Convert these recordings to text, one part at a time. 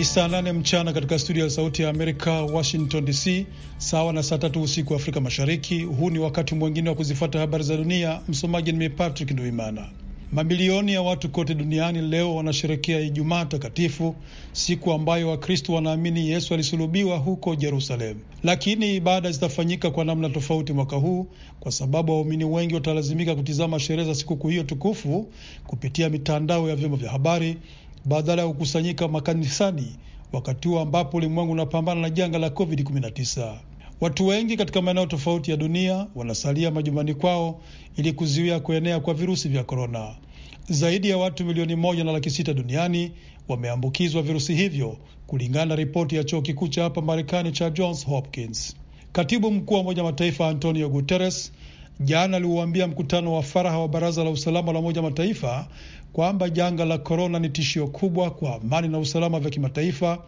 Ni saa nane mchana katika studio ya Sauti ya Amerika, Washington DC, sawa na saa tatu usiku wa Afrika Mashariki. Huu ni wakati mwingine wa kuzifata habari za dunia. Msomaji nimi Patrick Nduimana. Mamilioni ya watu kote duniani leo wanasherekea Ijumaa Takatifu, siku ambayo Wakristo wanaamini Yesu alisulubiwa huko Jerusalemu. Lakini ibada zitafanyika kwa namna tofauti mwaka huu, kwa sababu waumini wengi watalazimika kutizama sherehe za sikukuu hiyo tukufu kupitia mitandao ya vyombo vya habari badala ya kukusanyika makanisani wakati huo ambapo ulimwengu unapambana na janga la COVID-19. Watu wengi katika maeneo tofauti ya dunia wanasalia majumbani kwao ili kuzuia kuenea kwa virusi vya korona. Zaidi ya watu milioni moja na laki sita duniani wameambukizwa virusi hivyo kulingana na ripoti ya chuo kikuu cha hapa Marekani cha Johns Hopkins. Katibu mkuu wa Umoja Mataifa Antonio Guterres jana aliuambia mkutano wa faraha wa baraza la usalama la Umoja Mataifa kwamba janga la korona ni tishio kubwa kwa amani na usalama vya kimataifa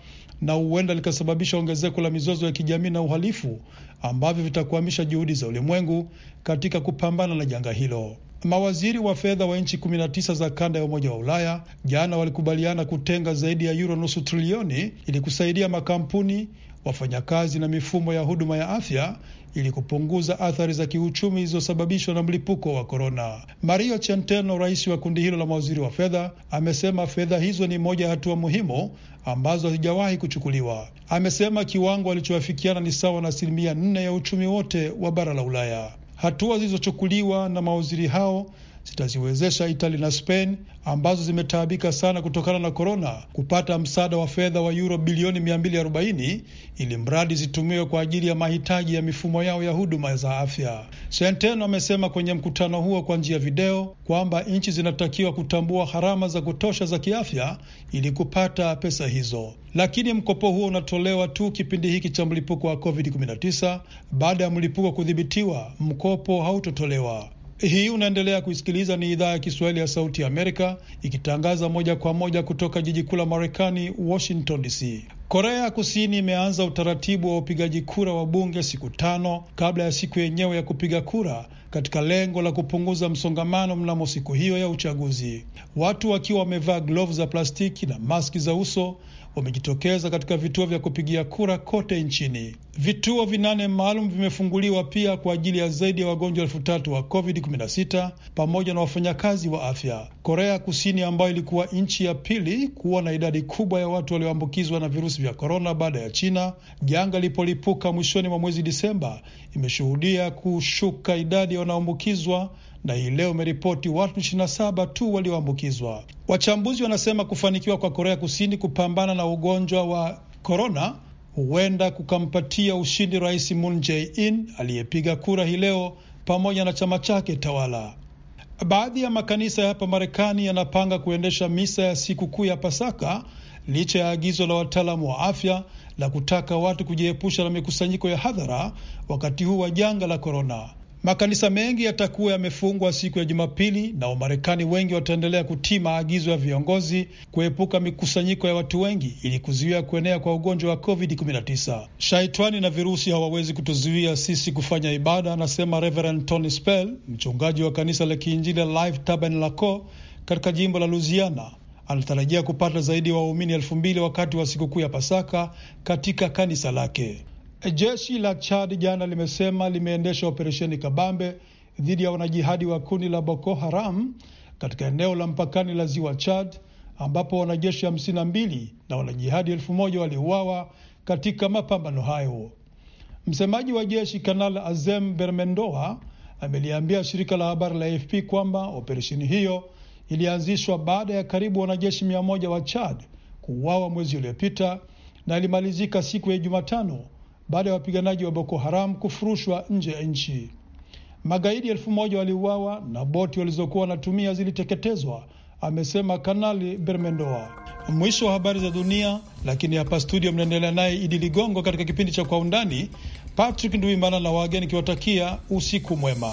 na huenda likasababisha ongezeko la mizozo ya kijamii na uhalifu ambavyo vitakwamisha juhudi za ulimwengu katika kupambana na janga hilo. Mawaziri wa fedha wa nchi 19 za kanda ya Umoja wa Ulaya jana walikubaliana kutenga zaidi ya yuro nusu trilioni ili kusaidia makampuni, wafanyakazi na mifumo ya huduma ya afya ili kupunguza athari za kiuchumi zilizosababishwa na mlipuko wa korona. Mario Centeno, rais wa kundi hilo la mawaziri wa fedha, amesema fedha hizo ni moja ya hatua muhimu ambazo hazijawahi kuchukuliwa. Amesema kiwango alichoafikiana ni sawa na asilimia nne ya uchumi wote wa bara la Ulaya. Hatua zilizochukuliwa na mawaziri hao zitaziwezesha Itali na Spain ambazo zimetaabika sana kutokana na korona kupata msaada wa fedha wa yuro bilioni 240 ili mradi zitumiwe kwa ajili ya mahitaji ya mifumo yao ya huduma za afya. Centeno amesema kwenye mkutano huo kwa njia ya video kwamba nchi zinatakiwa kutambua gharama za kutosha za kiafya ili kupata pesa hizo, lakini mkopo huo unatolewa tu kipindi hiki cha mlipuko wa COVID-19. Baada ya mlipuko kudhibitiwa, mkopo hautotolewa. Hii unaendelea kuisikiliza, ni idhaa ya Kiswahili ya Sauti ya Amerika ikitangaza moja kwa moja kutoka jiji kuu la Marekani, Washington DC. Korea ya Kusini imeanza utaratibu wa upigaji kura wa bunge siku tano kabla ya siku yenyewe ya kupiga kura katika lengo la kupunguza msongamano mnamo siku hiyo ya uchaguzi, watu wakiwa wamevaa glovu za plastiki na maski za uso wamejitokeza katika vituo vya kupigia kura kote nchini. Vituo vinane maalum vimefunguliwa pia kwa ajili ya zaidi ya wagonjwa elfu tatu wa COVID-19 pamoja na wafanyakazi wa afya. Korea Kusini, ambayo ilikuwa nchi ya pili kuwa na idadi kubwa ya watu walioambukizwa na virusi vya korona baada ya China, janga lilipolipuka mwishoni mwa mwezi Disemba, imeshuhudia kushuka idadi ya wanaoambukizwa na hii leo imeripoti watu 27 tu walioambukizwa. Wachambuzi wanasema kufanikiwa kwa Korea Kusini kupambana na ugonjwa wa korona huenda kukampatia ushindi Rais Moon Jae-in aliyepiga kura hii leo pamoja na chama chake tawala. Baadhi ya makanisa ya hapa Marekani yanapanga kuendesha misa ya sikukuu ya Pasaka licha ya agizo la wataalamu wa afya la kutaka watu kujiepusha na mikusanyiko ya hadhara wakati huu wa janga la korona. Makanisa mengi yatakuwa yamefungwa siku ya Jumapili na Wamarekani wengi wataendelea kutii maagizo ya viongozi kuepuka mikusanyiko ya watu wengi ili kuzuia kuenea kwa ugonjwa wa COVID-19. Shaitani na virusi hawawezi kutuzuia sisi kufanya ibada, anasema Reverend Tony Spell, mchungaji wa kanisa la Kiinjili Life Tabernacle katika jimbo la Louisiana. Anatarajia kupata zaidi ya waumini elfu mbili wakati wa sikukuu ya Pasaka katika kanisa lake. E, jeshi la Chad jana limesema limeendesha operesheni kabambe dhidi ya wanajihadi wa kundi la Boko Haram katika eneo la mpakani la ziwa Chad ambapo wanajeshi hamsini na mbili na wanajihadi elfu moja waliuawa katika mapambano hayo. Msemaji wa jeshi Kanal Azem Bermendoa ameliambia shirika la habari la AFP kwamba operesheni hiyo ilianzishwa baada ya karibu wanajeshi mia moja wa Chad kuuawa mwezi uliopita na ilimalizika siku ya Jumatano baada ya wapiganaji wa Boko Haram kufurushwa nje ya nchi. Magaidi elfu moja waliuawa na boti walizokuwa wanatumia ziliteketezwa, amesema Kanali Bermendoa. Mwisho wa habari za dunia, lakini hapa studio mnaendelea naye Idi Ligongo katika kipindi cha Kwa Undani. Patrick Nduimana na wageni kiwatakia usiku mwema.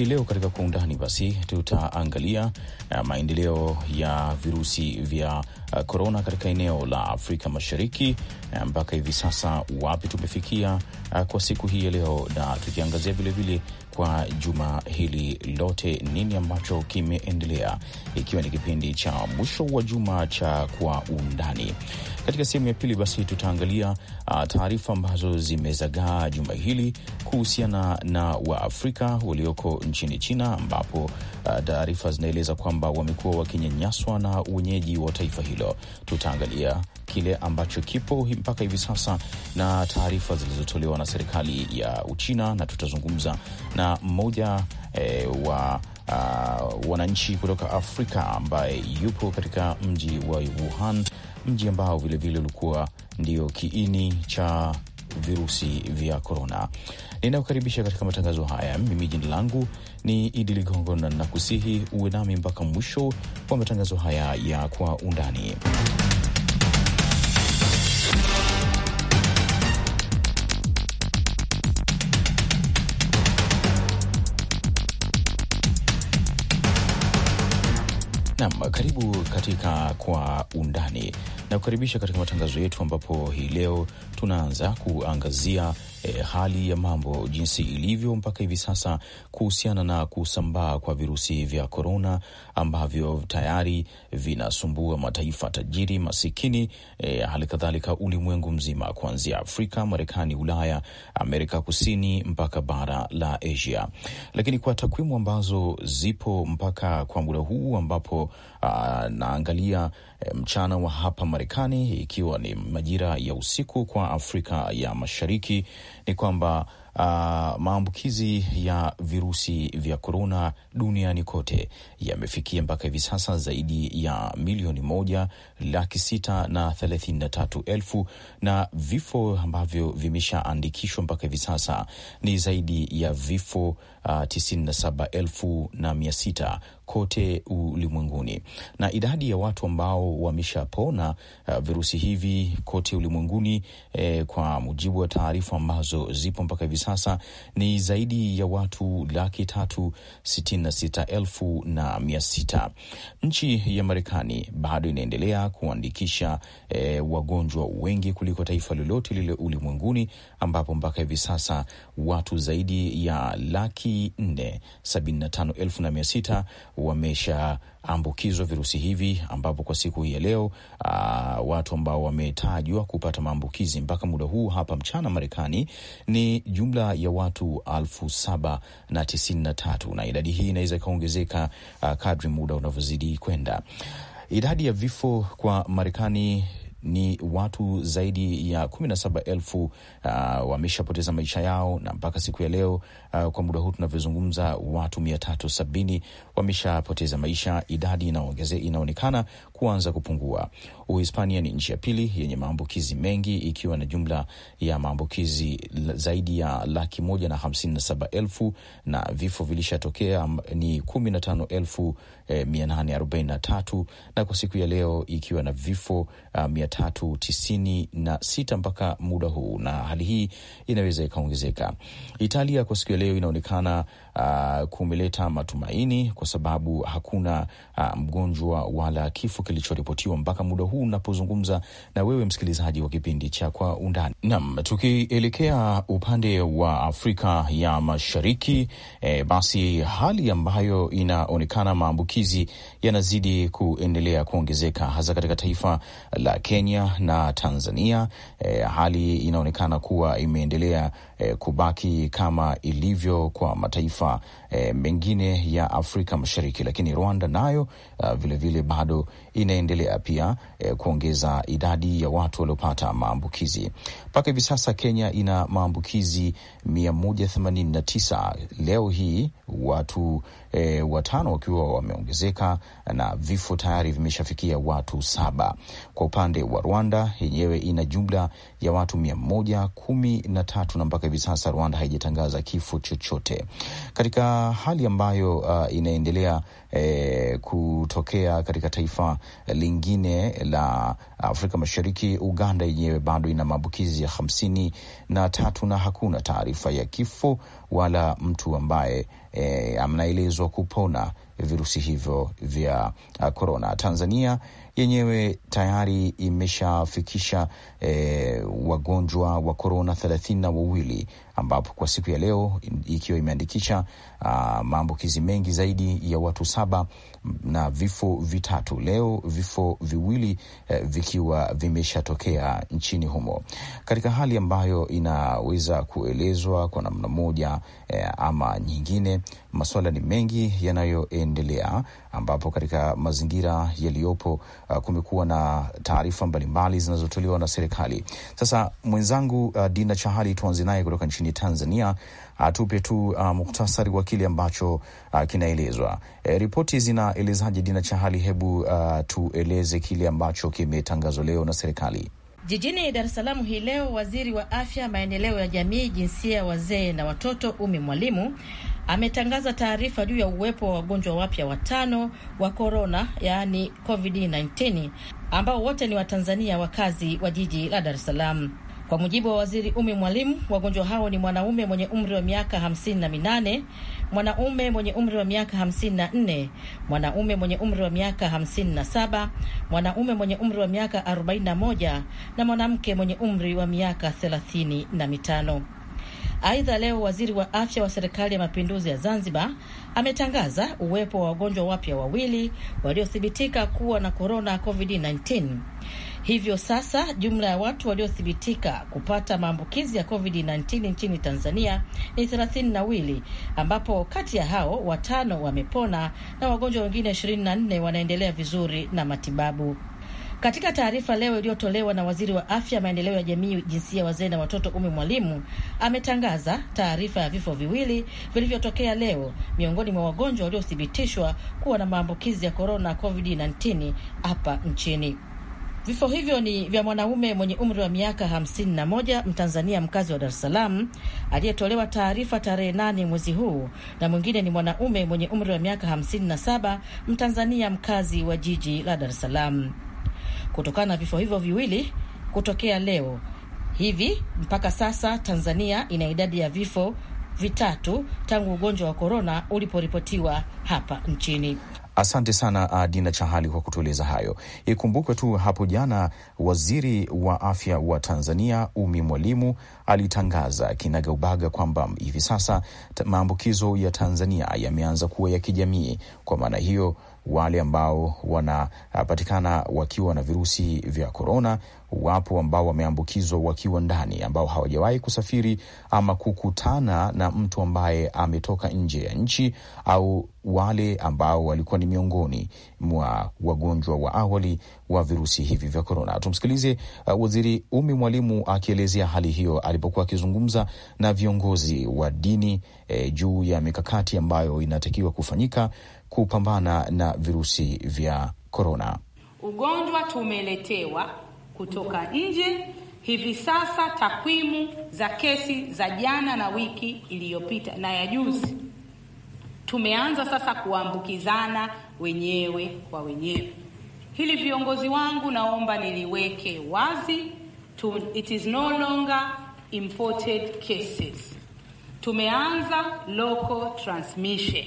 Hii leo katika kwa undani basi tutaangalia eh, maendeleo ya virusi vya korona eh, katika eneo la Afrika Mashariki eh, mpaka hivi sasa, wapi tumefikia kwa siku hii ya leo, na tukiangazia vilevile kwa juma hili lote nini ambacho kimeendelea, ikiwa ni kipindi cha mwisho wa juma cha kwa undani. Katika sehemu ya pili, basi tutaangalia ah, taarifa ambazo zimezagaa juma hili kuhusiana na Waafrika walioko nchini China, ambapo ah, taarifa zinaeleza kwamba wamekuwa wakinyanyaswa na wenyeji wa taifa hilo. Tutaangalia kile ambacho kipo mpaka hivi sasa na taarifa zilizotolewa na serikali ya Uchina, na tutazungumza na mmoja e, wa Uh, wananchi kutoka Afrika ambaye yupo katika mji wa Wuhan mji ambao vilevile ulikuwa ndio kiini cha virusi vya korona. ninayokaribisha katika matangazo haya. Mimi jina langu ni Idi Ligongo na nakusihi uwe nami mpaka mwisho wa matangazo haya ya Kwa Undani. karibu katika kwa undani na kukaribisha katika matangazo yetu ambapo hii leo tunaanza kuangazia eh, hali ya mambo jinsi ilivyo mpaka hivi sasa kuhusiana na kusambaa kwa virusi vya korona ambavyo tayari vinasumbua mataifa tajiri, masikini, eh, hali kadhalika ulimwengu mzima kuanzia Afrika, Marekani, Ulaya, Amerika Kusini mpaka bara la Asia. Lakini kwa takwimu ambazo zipo mpaka kwa muda huu ambapo ah, naangalia E, mchana wa hapa Marekani, ikiwa ni majira ya usiku kwa Afrika ya Mashariki, ni kwamba uh, maambukizi ya virusi vya korona duniani kote yamefikia mpaka hivi sasa zaidi ya milioni moja laki sita na thelathini na tatu elfu na vifo ambavyo vimeshaandikishwa mpaka hivi sasa ni zaidi ya vifo uh, tisini na saba elfu na mia sita kote ulimwenguni na idadi ya watu ambao wameshapona uh, virusi hivi kote ulimwenguni eh, kwa mujibu wa taarifa ambazo zipo mpaka hivi sasa ni zaidi ya watu laki tatu sitini na sita elfu na mia sita. Nchi ya Marekani bado inaendelea kuandikisha e, wagonjwa wengi kuliko taifa lolote lile ulimwenguni, ambapo mpaka hivi sasa watu zaidi ya laki nne sabini na tano elfu na mia sita wamesha ambukizwa virusi hivi, ambapo kwa siku hii ya leo uh, watu ambao wametajwa kupata maambukizi mpaka muda huu hapa mchana Marekani ni jumla ya watu alfu saba na tisini na tatu na idadi hii inaweza ikaongezeka ah, kadri muda unavyozidi kwenda. Idadi ya vifo kwa Marekani ni watu zaidi ya kumi na saba elfu uh, wameshapoteza maisha yao, na mpaka siku ya leo uh, kwa muda huu tunavyozungumza, watu mia tatu sabini wameshapoteza maisha, idadi inaongeze, inaonekana kuanza kupungua. Uhispania ni nchi ya pili yenye maambukizi mengi ikiwa na jumla ya maambukizi zaidi ya laki moja na hamsini na saba elfu na vifo vilishatokea ni kumi na tano elfu 843 na kwa siku ya leo ikiwa na vifo uh, 396 mpaka muda huu, na hali hii inaweza ikaongezeka. Italia kwa siku ya leo inaonekana uh, kumeleta matumaini kwa sababu hakuna uh, mgonjwa wala kifo kilichoripotiwa mpaka muda huu unapozungumza na wewe msikilizaji wa kipindi cha Kwa Undani. Naam, tukielekea upande wa Afrika ya Mashariki eh, basi hali ambayo inaonekana maambukizi yanazidi kuendelea kuongezeka hasa katika taifa la Kenya na Tanzania. Eh, hali inaonekana kuwa imeendelea eh, kubaki kama ilivyo kwa mataifa eh, mengine ya Afrika Mashariki, lakini Rwanda nayo vilevile ah, uh, bado inaendelea pia eh, kuongeza idadi ya watu waliopata maambukizi. Mpaka hivi sasa Kenya ina maambukizi 189 leo hii, watu E, watano wakiwa wameongezeka na vifo tayari vimeshafikia watu saba. Kwa upande wa Rwanda yenyewe ina jumla ya watu mia moja kumi na tatu na mpaka hivi sasa Rwanda haijatangaza kifo chochote katika hali ambayo uh, inaendelea eh, kutokea katika taifa lingine la Afrika Mashariki, Uganda yenyewe bado ina maambukizi ya hamsini na tatu na hakuna taarifa ya kifo wala mtu ambaye e, anaelezwa kupona virusi hivyo vya korona. Tanzania yenyewe tayari imeshafikisha e, wagonjwa wa korona thelathini na wawili ambapo kwa siku ya leo ikiwa imeandikisha maambukizi mengi zaidi ya watu saba na vifo vitatu leo vifo viwili e, vikiwa vimeshatokea nchini humo katika hali ambayo inaweza kuelezwa kwa namna moja eh, ama nyingine. Masuala ni mengi yanayoendelea, ambapo katika mazingira yaliyopo, uh, kumekuwa na taarifa mbalimbali zinazotolewa na serikali. Sasa mwenzangu, uh, Dina Chahali, tuanze naye kutoka nchini Tanzania atupe tu uh, muktasari wa kile ambacho uh, kinaelezwa. E, ripoti zinaelezaje? Dina Chahali, hebu uh, tueleze kile ambacho kimetangazwa leo na serikali jijini Dar es Salaam hii leo. Waziri wa Afya, Maendeleo ya Jamii, Jinsia ya Wazee na Watoto, Umi Mwalimu ametangaza taarifa juu ya uwepo wa wagonjwa wapya watano wa korona, yaani COVID-19 ambao wote ni Watanzania wakazi wa jiji la Dar es Salaam. Kwa mujibu wa waziri Umi Mwalimu, wagonjwa hao ni mwanaume mwenye umri wa miaka hamsini na minane, mwanaume mwenye umri wa miaka hamsini na nne, mwanaume mwenye umri wa miaka hamsini na saba, mwanaume mwenye umri wa miaka arobaini na moja na mwanamke mwenye umri wa miaka thelathini na mitano. Aidha, leo waziri wa afya wa serikali ya mapinduzi ya Zanzibar ametangaza uwepo wa wagonjwa wapya wawili waliothibitika kuwa na korona COVID-19. Hivyo sasa jumla ya watu waliothibitika kupata maambukizi ya COVID-19 nchini Tanzania ni thelathini na ambapo kati ya hao watano wamepona na wagonjwa wengine 24 wanaendelea vizuri na matibabu. Katika taarifa leo iliyotolewa na waziri wa afya, maendeleo ya jamii, jinsia, wazee na watoto, Ummy Mwalimu, ametangaza taarifa ya vifo viwili vilivyotokea leo miongoni mwa wagonjwa waliothibitishwa kuwa na maambukizi ya korona COVID-19 hapa nchini. Vifo hivyo ni vya mwanaume mwenye umri wa miaka 51 mtanzania mkazi wa Dar es Salaam aliyetolewa taarifa tarehe 8 mwezi huu, na mwingine ni mwanaume mwenye umri wa miaka 57 mtanzania mkazi wa jiji la Dar es Salaam. Kutokana na vifo hivyo viwili kutokea leo hivi mpaka sasa, Tanzania ina idadi ya vifo vitatu tangu ugonjwa wa korona uliporipotiwa hapa nchini. Asante sana uh, Dina Chahali kwa kutueleza hayo. Ikumbukwe tu hapo jana waziri wa afya wa Tanzania Umi Mwalimu alitangaza kinagaubaga kwamba hivi sasa maambukizo ya Tanzania yameanza kuwa ya kijamii. Kwa maana hiyo wale ambao wanapatikana wakiwa na virusi vya korona. Wapo ambao wameambukizwa wakiwa ndani, ambao hawajawahi kusafiri ama kukutana na mtu ambaye ametoka nje ya nchi, au wale ambao walikuwa ni miongoni mwa wagonjwa wa awali wa virusi hivi vya korona. Tumsikilize uh, Waziri Umi Mwalimu akielezea hali hiyo alipokuwa akizungumza na viongozi wa dini eh, juu ya mikakati ambayo inatakiwa kufanyika kupambana na virusi vya korona. Ugonjwa tumeletewa kutoka nje. Hivi sasa takwimu za kesi za jana na wiki iliyopita na ya juzi, tumeanza sasa kuambukizana wenyewe kwa wenyewe. Hili viongozi wangu, naomba niliweke wazi to, it is no longer imported cases. Tumeanza local transmission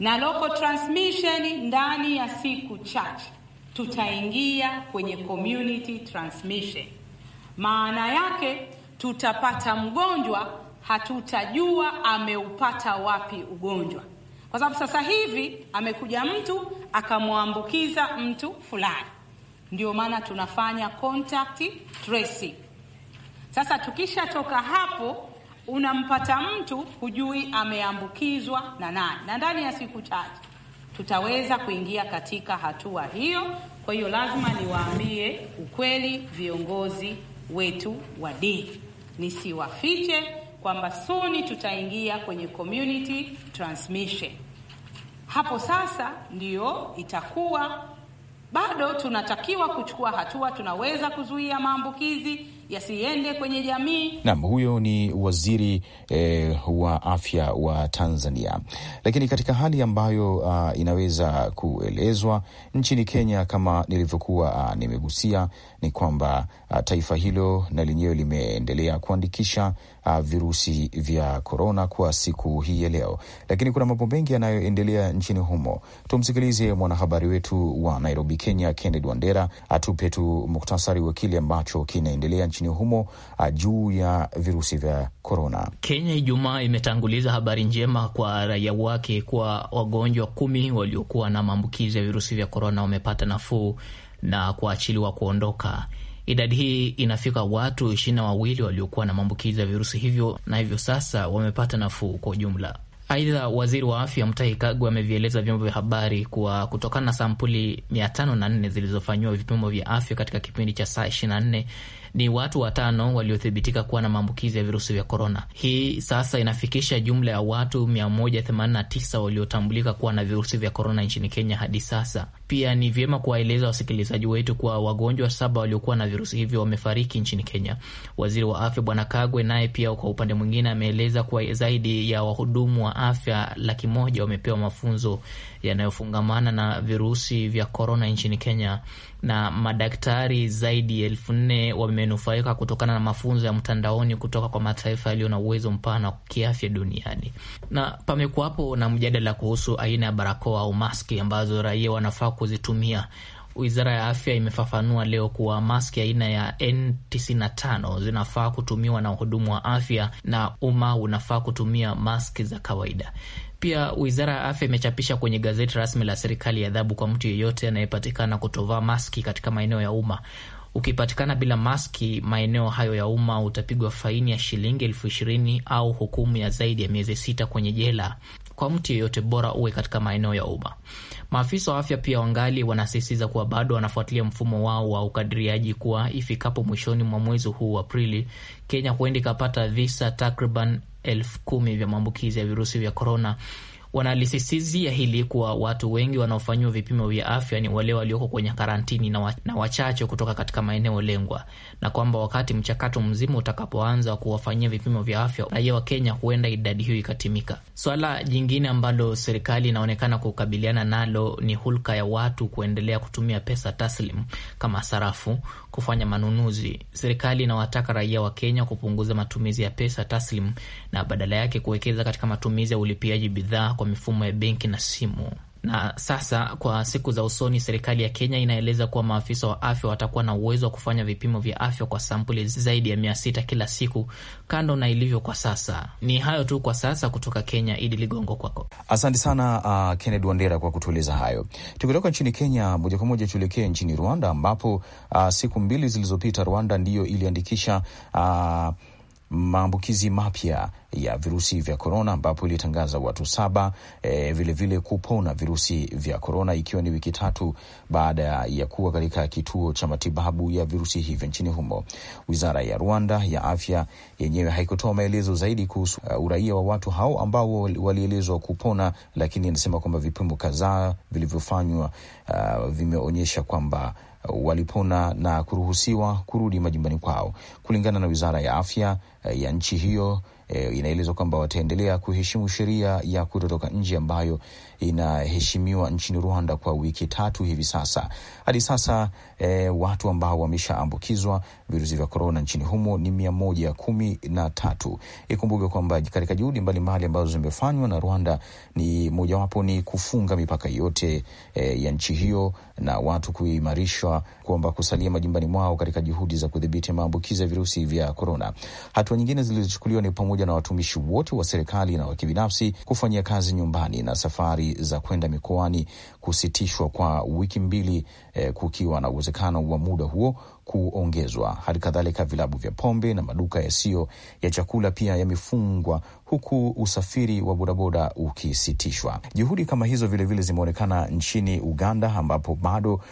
na local transmission ndani ya siku chache tutaingia kwenye community transmission. Maana yake tutapata mgonjwa, hatutajua ameupata wapi ugonjwa, kwa sababu sasa hivi amekuja mtu akamwambukiza mtu fulani. Ndio maana tunafanya contact tracing. Sasa tukishatoka hapo unampata mtu hujui ameambukizwa na nani, na ndani ya siku chache tutaweza kuingia katika hatua hiyo. Kwa hiyo lazima niwaambie ukweli viongozi wetu wa dini, nisiwafiche kwamba suni tutaingia kwenye community transmission. Hapo sasa ndiyo itakuwa bado tunatakiwa kuchukua hatua, tunaweza kuzuia maambukizi yasiende kwenye jamii. Naam, huyo ni waziri eh, wa afya wa Tanzania. Lakini katika hali ambayo uh, inaweza kuelezwa nchini Kenya kama nilivyokuwa uh, nimegusia ni kwamba uh, taifa hilo na lenyewe limeendelea kuandikisha uh, virusi vya korona kwa siku hii ya leo, lakini kuna mambo mengi yanayoendelea nchini humo. Tumsikilize mwanahabari wetu wa Nairobi, Kenya, Kennedy Wandera atupe tu muktasari wa kile ambacho kinaendelea nchini humo uh, juu ya virusi vya korona. Kenya Ijumaa imetanguliza habari njema kwa raia wake kwa wagonjwa kumi waliokuwa na maambukizi ya virusi vya korona wamepata nafuu na kuachiliwa kuondoka. Idadi hii inafika watu ishirini na wawili waliokuwa na maambukizi ya virusi hivyo na hivyo sasa wamepata nafuu kwa ujumla. Aidha, waziri wa afya Mutahi Kagwe amevieleza vyombo vya habari kuwa kutokana na sampuli 504 zilizofanyiwa vipimo vya afya katika kipindi cha saa 24 ni watu watano waliothibitika kuwa na maambukizi ya virusi vya korona. Hii sasa inafikisha jumla ya watu 189 waliotambulika kuwa na virusi vya korona nchini Kenya hadi sasa. Pia ni vyema kuwaeleza wasikilizaji wetu kuwa wagonjwa saba waliokuwa na virusi hivyo wamefariki nchini Kenya. Waziri wa afya Bwana Kagwe naye pia kwa upande mwingine ameeleza kuwa zaidi ya wahudumu wa afya laki moja wamepewa mafunzo yanayofungamana na virusi vya korona nchini Kenya, na madaktari zaidi ya elfu nne wamenufaika kutokana na mafunzo ya mtandaoni kutoka kwa mataifa yaliyo na uwezo mpana wa kiafya duniani. Na pamekuwapo na mjadala kuhusu aina ya barakoa au maski ambazo raia wanafaa kuzitumia. Wizara ya afya imefafanua leo kuwa maski aina ya N95 zinafaa kutumiwa na wahudumu wa afya na umma unafaa kutumia maski za kawaida. Pia wizara ya afya imechapisha kwenye gazeti rasmi la serikali adhabu kwa mtu yeyote anayepatikana kutovaa maski katika maeneo ya umma. Ukipatikana bila maski maeneo hayo ya umma utapigwa faini ya shilingi elfu ishirini au hukumu ya zaidi ya miezi sita kwenye jela. Kwa mtu yeyote, bora uwe katika maeneo ya umma. Maafisa wa afya pia wangali wanasisitiza kuwa bado wanafuatilia mfumo wao wa ukadiriaji, kuwa ifikapo mwishoni mwa mwezi huu Aprili, Kenya huenda ikapata visa takriban elfu kumi vya maambukizi ya virusi vya korona Wanalisisizia hili kuwa watu wengi wanaofanyiwa vipimo vya afya ni wale walioko kwenye karantini na, wa, na wachache kutoka katika maeneo lengwa, na kwamba wakati mchakato mzima utakapoanza kuwafanyia vipimo vya afya raia wa Kenya, huenda idadi hiyo ikatimika. Swala jingine ambalo serikali inaonekana kukabiliana nalo ni hulka ya watu kuendelea kutumia pesa taslim kama sarafu kufanya manunuzi. Serikali inawataka raia wa Kenya kupunguza matumizi ya pesa taslim na badala yake kuwekeza katika matumizi ya ulipiaji bidhaa kwa mifumo ya benki na simu. Na sasa kwa siku za usoni, serikali ya Kenya inaeleza kuwa maafisa wa afya watakuwa na uwezo wa kufanya vipimo vya afya kwa sampuli zaidi ya mia sita kila siku, kando na ilivyo kwa sasa. Ni hayo tu kwa sasa kutoka Kenya. Idi Ligongo, kwako. Asante sana uh, Kennedy Wandera kwa kutueleza hayo. Tukitoka nchini Kenya moja kwa moja tuelekee nchini Rwanda ambapo uh, siku mbili zilizopita Rwanda ndiyo iliandikisha uh, maambukizi mapya ya virusi vya korona, ambapo ilitangaza watu saba vilevile eh, vile kupona virusi vya korona, ikiwa ni wiki tatu baada ya kuwa katika kituo cha matibabu ya virusi hivyo nchini humo. Wizara ya Rwanda ya afya yenyewe haikutoa maelezo zaidi kuhusu uh, uraia wa watu hao ambao walielezwa kupona, lakini inasema kwamba vipimo kadhaa vilivyofanywa uh, vimeonyesha kwamba walipona na kuruhusiwa kurudi majumbani kwao, kulingana na wizara ya afya eh, ya nchi hiyo E, inaelezwa kwamba wataendelea kuheshimu sheria ya kutotoka nje ambayo inaheshimiwa nchini Rwanda kwa wiki tatu hivi sasa. Hadi sasa e, watu ambao wameshaambukizwa virusi vya korona nchini humo ni mia moja kumi na tatu. Ikumbuke kwamba katika juhudi mbalimbali ambazo zimefanywa na Rwanda ni mojawapo ni kufunga mipaka yote e, ya nchi hiyo na watu kuimarishwa kwamba kusalia majumbani mwao katika juhudi za kudhibiti maambukizi ya virusi vya korona. Hatua nyingine zilizochukuliwa ni pamoja pamoja na watumishi wote wa serikali na wa kibinafsi kufanyia kazi nyumbani na safari za kwenda mikoani kusitishwa kwa wiki mbili, eh, kukiwa na uwezekano wa muda huo kuongezwa. Hali kadhalika vilabu vya pombe na maduka yasiyo ya chakula pia yamefungwa huku usafiri wa bodaboda ukisitishwa. Juhudi kama hizo vilevile zimeonekana nchini Uganda, ambapo bado uh,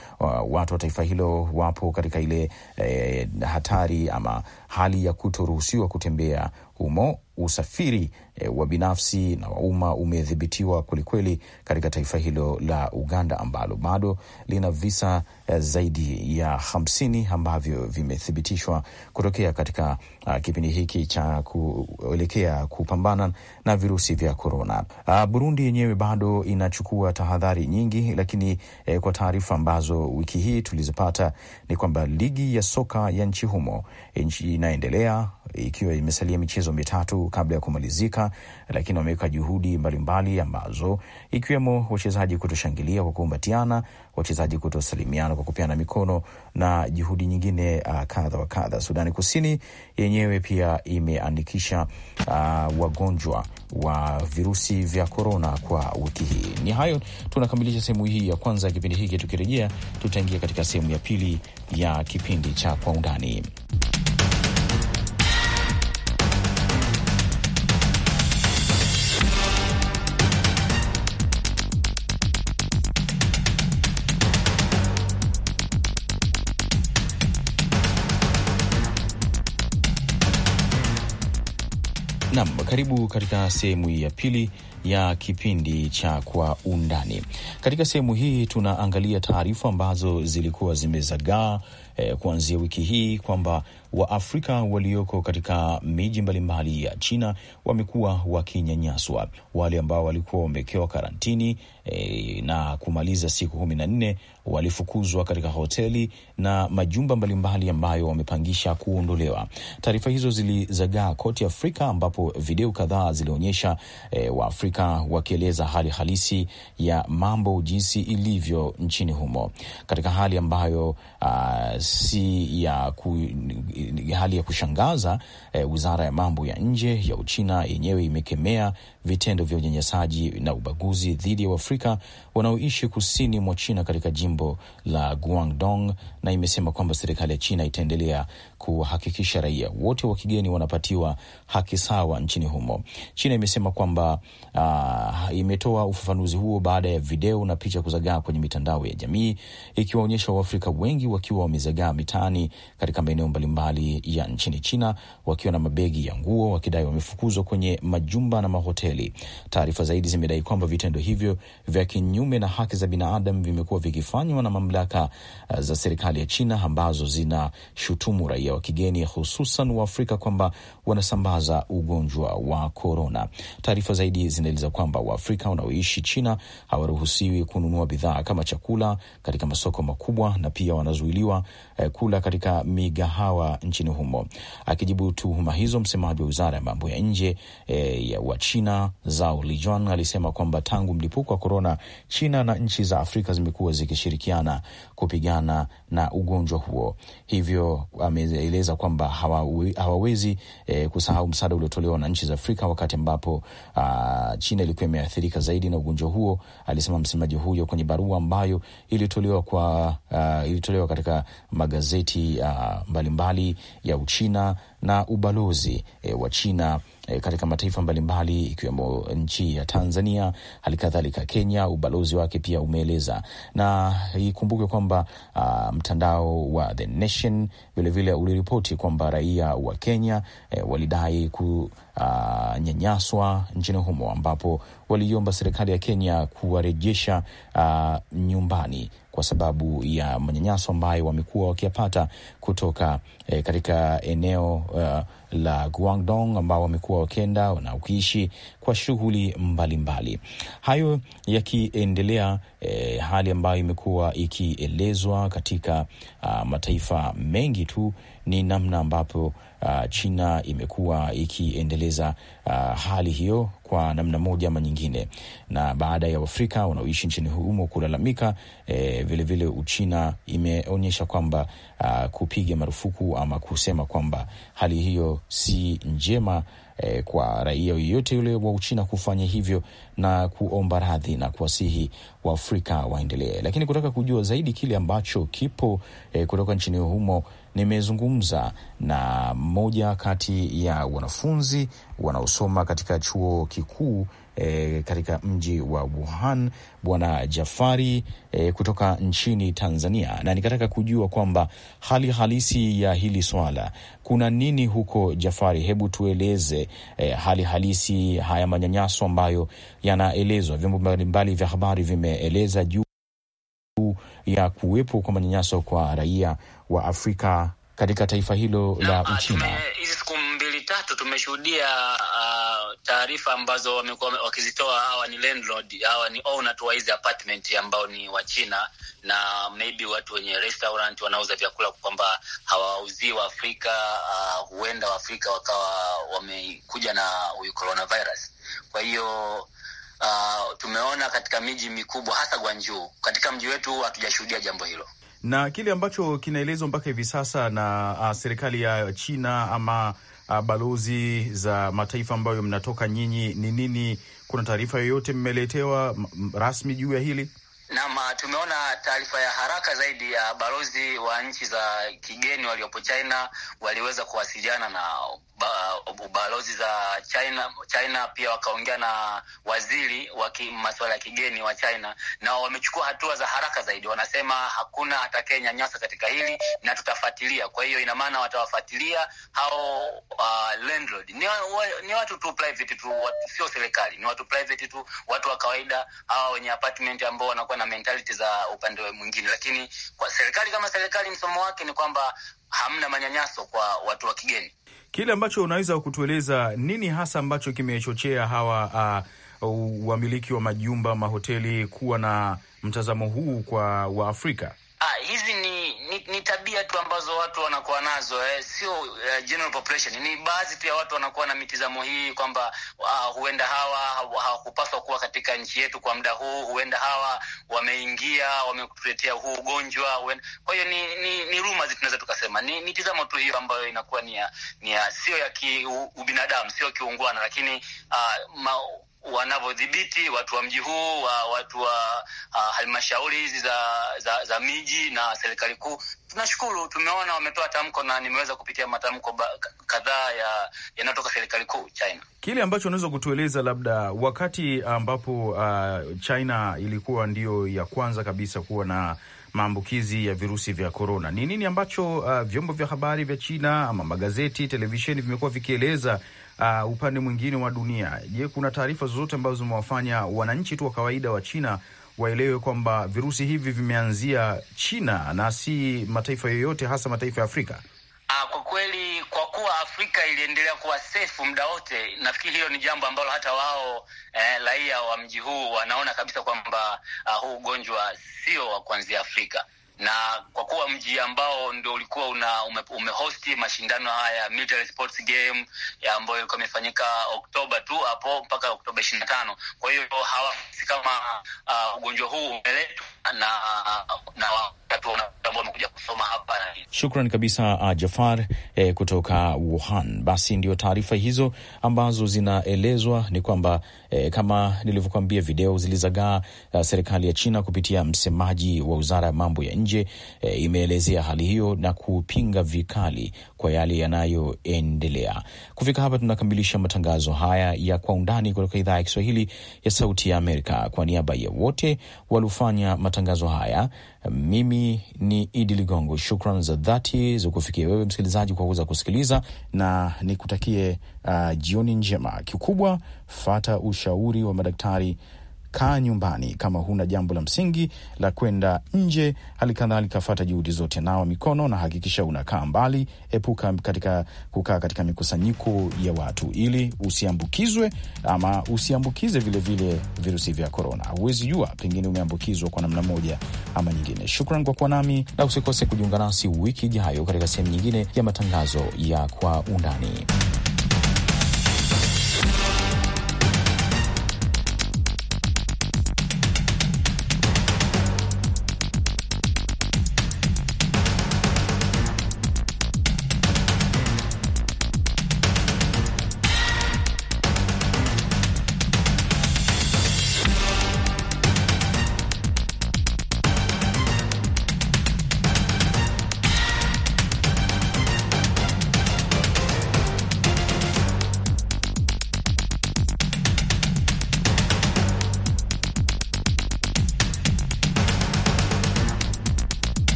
watu wa taifa hilo wapo katika ile eh, hatari ama hali ya kutoruhusiwa kutembea humo usafiri e, wa binafsi na wa umma umedhibitiwa kwelikweli katika taifa hilo la Uganda ambalo bado lina visa e, zaidi ya hamsini ambavyo vimethibitishwa kutokea katika kipindi hiki cha kuelekea kupambana na virusi vya korona. Burundi yenyewe bado inachukua tahadhari nyingi, lakini e, kwa taarifa ambazo wiki hii tulizopata ni kwamba ligi ya soka ya nchi humo e, inaendelea ikiwa imesalia michezo mitatu kabla ya kumalizika, lakini wameweka juhudi mbalimbali ambazo ikiwemo wachezaji kutoshangilia kwa kukumbatiana, wachezaji kutosalimiana kwa kupeana mikono na juhudi nyingine uh, kadha wa kadha. Sudani Kusini yenyewe pia imeandikisha uh, wagonjwa wa virusi vya korona kwa wiki hii. Ni hayo tunakamilisha sehemu hii ya kwanza ya kipindi hiki. Tukirejea tutaingia katika sehemu ya pili ya kipindi cha kwa undani. Karibu katika sehemu ya pili ya kipindi cha Kwa Undani. Katika sehemu hii tunaangalia taarifa ambazo zilikuwa zimezagaa eh, kuanzia wiki hii kwamba Waafrika walioko katika miji mbalimbali ya China wamekuwa wakinyanyaswa. Wale ambao walikuwa wamewekewa karantini e, na kumaliza siku kumi na nne walifukuzwa katika hoteli na majumba mbalimbali ambayo wamepangisha kuondolewa. Taarifa hizo zilizagaa kote Afrika, ambapo video kadhaa zilionyesha e, Waafrika wakieleza hali halisi ya mambo jinsi ilivyo nchini humo katika hali ambayo a, si ya ku, hali ya kushangaza eh, wizara ya mambo ya nje ya Uchina yenyewe imekemea vitendo vya unyanyasaji na ubaguzi dhidi ya Waafrika wanaoishi kusini mwa China katika jimbo la Guangdong, na imesema kwamba serikali ya China itaendelea kuhakikisha raia wote wa kigeni wanapatiwa haki sawa nchini humo. China imesema kwamba uh, imetoa ufafanuzi huo baada ya video na picha kuzagaa kwenye mitandao ya jamii ikiwaonyesha Waafrika wengi wakiwa wamezagaa mitaani katika maeneo mbalimbali mbalimbali ya nchini China wakiwa na mabegi ya nguo wakidai wamefukuzwa kwenye majumba na mahoteli. Taarifa zaidi zimedai kwamba vitendo hivyo vya kinyume na haki za binadamu vimekuwa vikifanywa na mamlaka uh, za serikali ya China ambazo zinashutumu raia wa kigeni hususan wa Afrika kwamba wanasambaza ugonjwa wa korona. Taarifa zaidi zinaeleza kwamba Waafrika wanaoishi China hawaruhusiwi kununua bidhaa kama chakula katika masoko makubwa na pia wanazuiliwa eh, kula katika migahawa nchini humo. Akijibu tuhuma hizo, msemaji wa wizara ya mambo ya nje e, wa China Zhao Lijuan alisema kwamba tangu mlipuko wa korona, China na nchi za Afrika zimekuwa zikishirikiana kupigana na ugonjwa huo, hivyo ameeleza kwamba hawawe, hawawezi e, kusahau msaada uliotolewa na nchi za Afrika wakati ambapo a, China ilikuwa imeathirika zaidi na ugonjwa huo, alisema msemaji huyo kwenye barua ambayo ilitolewa kwa ilitolewa katika magazeti mbalimbali ya Uchina na ubalozi e, wa China e, katika mataifa mbalimbali ikiwemo nchi ya Tanzania, hali kadhalika Kenya, ubalozi wake pia umeeleza, na ikumbuke kwamba uh, mtandao wa The Nation vilevile uliripoti kwamba raia wa Kenya e, walidai ku Uh, nyanyaswa nchini humo ambapo waliomba serikali ya Kenya kuwarejesha uh, nyumbani kwa sababu ya manyanyaso ambayo wamekuwa wakiyapata kutoka eh, katika eneo uh, la Guangdong ambao wamekuwa wakenda na ukiishi kwa shughuli mbalimbali. Hayo yakiendelea, e, hali ambayo imekuwa ikielezwa katika a, ah, mataifa mengi tu ni namna ambapo Ah, China imekuwa ikiendeleza uh, hali hiyo kwa namna moja ama nyingine, na baada ya Waafrika wanaoishi nchini humo kulalamika vilevile, eh, vile Uchina imeonyesha kwamba uh, kupiga marufuku ama kusema kwamba hali hiyo si njema eh, kwa raia yoyote yule wa Uchina kufanya hivyo na kuomba radhi na kuwasihi Waafrika waendelee. Lakini kutaka kujua zaidi kile ambacho kipo eh, kutoka nchini humo, nimezungumza na mmoja kati ya wanafunzi wanaosoma katika chuo kikuu e, katika mji wa Wuhan bwana Jafari e, kutoka nchini Tanzania, na nikataka kujua kwamba hali halisi ya hili swala kuna nini huko Jafari, hebu tueleze e, hali halisi haya manyanyaso ambayo yanaelezwa, vyombo mbalimbali vya habari vimeeleza juu ya kuwepo kwa manyanyaso kwa raia wa Afrika katika taifa hilo la Uchina. Hizi siku tumeshuhudia uh, taarifa ambazo wamekuwa wakizitoa hawa ni landlord, hawa ni owner tu wa hizi apartment ambao ni wa China na maybe watu wenye restaurant wanauza vyakula kwamba hawauzii Waafrika. Uh, huenda Waafrika wakawa wamekuja na huyu coronavirus. Kwa hiyo uh, tumeona katika miji mikubwa hasa Gwanju, katika mji wetu hatujashuhudia jambo hilo na kile ambacho kinaelezwa mpaka hivi sasa na uh, serikali ya China ama uh, balozi za mataifa ambayo mnatoka nyinyi ni nini? Kuna taarifa yoyote mmeletewa rasmi juu ya hili? tumeona taarifa ya haraka zaidi ya balozi wa nchi za kigeni waliopo China waliweza kuwasiliana na ba, balozi za China, China pia wakaongea na waziri wa masuala ya kigeni wa China, na wamechukua hatua za haraka zaidi. Wanasema hakuna nyanyasa katika hili na tutafuatilia. Kwa hiyo ina maana watawafuatilia hao uh, landlord. Ni, wa, ni watu tu private tu, sio serikali, ni watu private tu, watu wa kawaida hawa wenye apartment ambao wanakuwa na mentality gazeti za upande mwingine, lakini kwa serikali kama serikali, msomo wake ni kwamba hamna manyanyaso kwa watu wa kigeni. Kile ambacho unaweza kutueleza nini hasa ambacho kimechochea hawa uh, uh wamiliki wa majumba mahoteli kuwa na mtazamo huu kwa Waafrika? Ah, hizi ni tu ambazo watu wanakuwa nazo eh, sio uh, general population. Ni baadhi tu ya watu wanakuwa na mitizamo hii kwamba uh, huenda hawa hawakupaswa kuwa katika nchi yetu kwa muda huu, huenda hawa wameingia wametuletea huu ugonjwa huenda... kwa hiyo ni, ni, ni rumors tunaweza tukasema ni mitizamo tu hiyo ambayo inakuwa ni ya, ni ya, sio ya kiubinadamu sio kiungwana, lakini uh, ma, wanavyodhibiti watu wa mji huu wa watu wa uh, halmashauri hizi za, za, za miji na serikali kuu. Tunashukuru, tumeona wametoa tamko na nimeweza kupitia matamko kadhaa yanayotoka serikali kuu China. Kile ambacho unaweza kutueleza labda, wakati ambapo uh, China ilikuwa ndio ya kwanza kabisa kuwa na maambukizi ya virusi vya korona. Ni nini ambacho uh, vyombo vya habari vya China ama magazeti, televisheni vimekuwa vikieleza uh, upande mwingine wa dunia? Je, kuna taarifa zozote ambazo zimewafanya wananchi tu wa kawaida wa China waelewe kwamba virusi hivi vimeanzia China na si mataifa yoyote, hasa mataifa ya Afrika? Ah, kwa kweli Afrika iliendelea kuwa sefu muda wote. Nafikiri hiyo ni jambo ambalo hata wao eh, raia wa mji huu wanaona kabisa kwamba uh, huu ugonjwa sio wa kuanzia Afrika na kwa kuwa mji ambao ndo ulikuwa una ume, umehosti mashindano haya military sports game ambayo ilikuwa imefanyika Oktoba tu hapo mpaka Oktoba ishirini na tano. Kwa hiyo hawasi kama uh, ugonjwa huu umeletwa na, na watu ambao wamekuja kusoma hapa. Shukran kabisa uh, Jafar eh, kutoka Wuhan. Basi ndio taarifa hizo ambazo zinaelezwa ni kwamba eh, kama nilivyokuambia, video zilizagaa. Uh, serikali ya China kupitia msemaji wa wizara ya mambo ya nje eh, imeelezea hali hiyo na kupinga vikali kwa yale yanayoendelea. Kufika hapa, tunakamilisha matangazo haya ya kwa undani kutoka idhaa ya Kiswahili ya Sauti ya Amerika. Kwa niaba ya wote waliofanya matangazo haya mimi ni Idi Ligongo, shukran za dhati za kufikia wewe msikilizaji kwa kuweza kusikiliza na nikutakie uh, jioni njema. Kikubwa fata ushauri wa madaktari kaa nyumbani kama huna jambo la msingi la kwenda nje. Hali kadhalika fata juhudi zote, nawa mikono na hakikisha unakaa mbali, epuka katika kukaa katika mikusanyiko ya watu ili usiambukizwe ama usiambukize vilevile virusi vya korona. Huwezi jua, pengine umeambukizwa kwa namna moja ama nyingine. Shukran kwa kuwa nami na usikose kujiunga nasi wiki ijayo katika sehemu nyingine ya matangazo ya Kwa Undani.